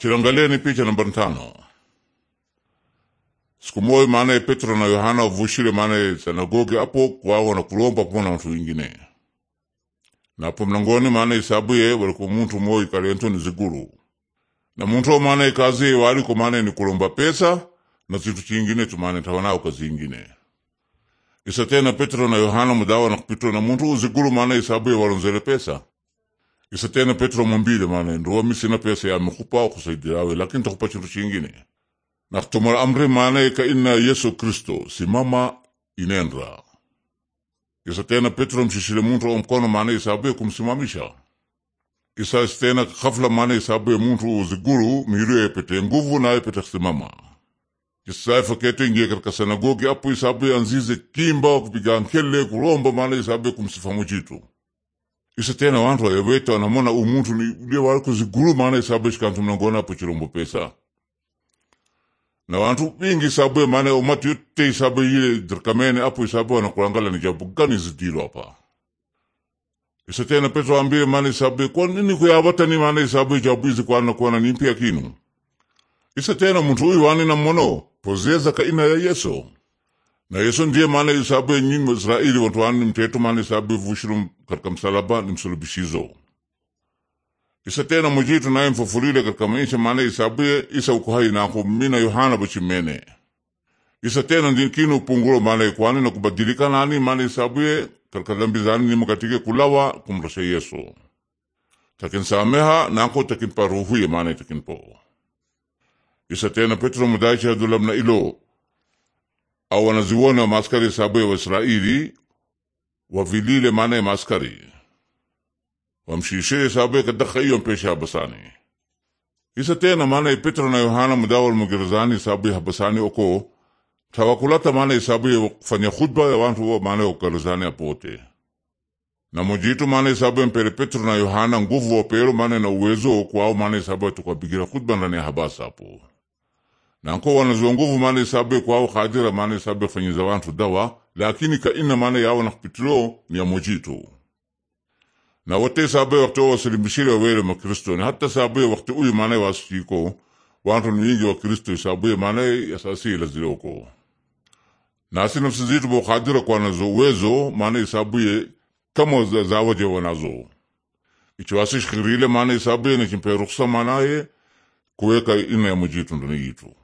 chilangaleni picha namba tano. Siku moyo maanaye Petro na Yohana wavushile maanaye sinagogi apo kwawo na kulomba pamoja na watu wengine. Na apo mlangoni maanaye isabuye walikuwa mtu mmoja kaliento ni ziguru. Na muntu o maanaye kazi waliko maana ni kulomba pesa na zitu chingine tu maana tawanao kazi ingine. Isa tena Petro na Yohana mudawa na kupitwa na mtu uziguru maanaye isabuye walonzele pesa. Isa tena Petro mwambile maana ndoa mimi sina pesa ya mkupa kusaidia lakini takupa kitu chingine Na amri maana ka ina Yesu Kristo simama inendra. Isa tena Petro mshishile muntu omkono maana isabu kumsimamisha. Isa tena ghafla maana isabu muntu ziguru ya epete nguvu na epete kusimama. Isaifa ketu ingie katika sinagogi apo isabu anzize kimba kupiga nkele kuromba maana isabu kumsifamu jitu isa tena wantu ayabetu anamona umuntu ulia wali kuziguru maana isabu ishikantu mnangona po chilombo pesa na wantu bingi isabu maana umatu yote isabu ile dirkamene apo isabu wanakulangala ni jambo gani zidilo hapa isa tena pesa waambie maana isabu kwa nini kuyabata ni maana isabu ijabu izi kwa na kuona nimpia kinu isa tena muntu huyu wani na mono pozeza kaina ya yeso na Yesu ndiye maana isabu ya nyinyi Waisraeli watu wanu mtetu maana isabu vushuru katika msalaba msulubishizo Isa tena mujitu naye mfufurile katika maisha maana isabu ya isa uko hai na Yohana bachimene. Isa tena ndiye kinu upungulo maana ikwani na kubadilika nani maana isabu ya katika dhambi zani ni mkatike kulawa kumrasha Yesu. Takinsameha nako takinpa ruhuye maana itakinpo Isa tena Petro mudachi adulamna ilo au wanaziwona maskari sababu ya Waisraeli wavilile maana ya maskari wamshishe sababu ya kadaka iyo mpesha habasani isa tena maana ya Petro na Yohana mudawal mugerezani sababu ya habasani oko tawakulata maana ya sababu ya kufanya khutba ya wantu wa maana ya kugerezani apote na mujitu maana sababu ya mpere Petro na Yohana nguvu pero maana na uwezo kwao maana sababu ya tukabigira khutba ndani ya habasa apote nanko wanazonguvu maana isabe kwao kadira maana isabe fanyiza wantu dawa lakini kaina maana yawo nakupitilo ni ya amojito na wote isabe wakati wasilimishile wawele makristo ni hata sabe wakati uyu maana wasikiko wantu ni wingi wa kristo isabe maana yasasi laziloko nasi nafsi zitu bo kadira kwa nazo uwezo maana isabe kama za zawaje wanazo ichwasi shikirile maana isabe ni kimpe ruksa maana ye kuweka ina ya mujitu ndani yitu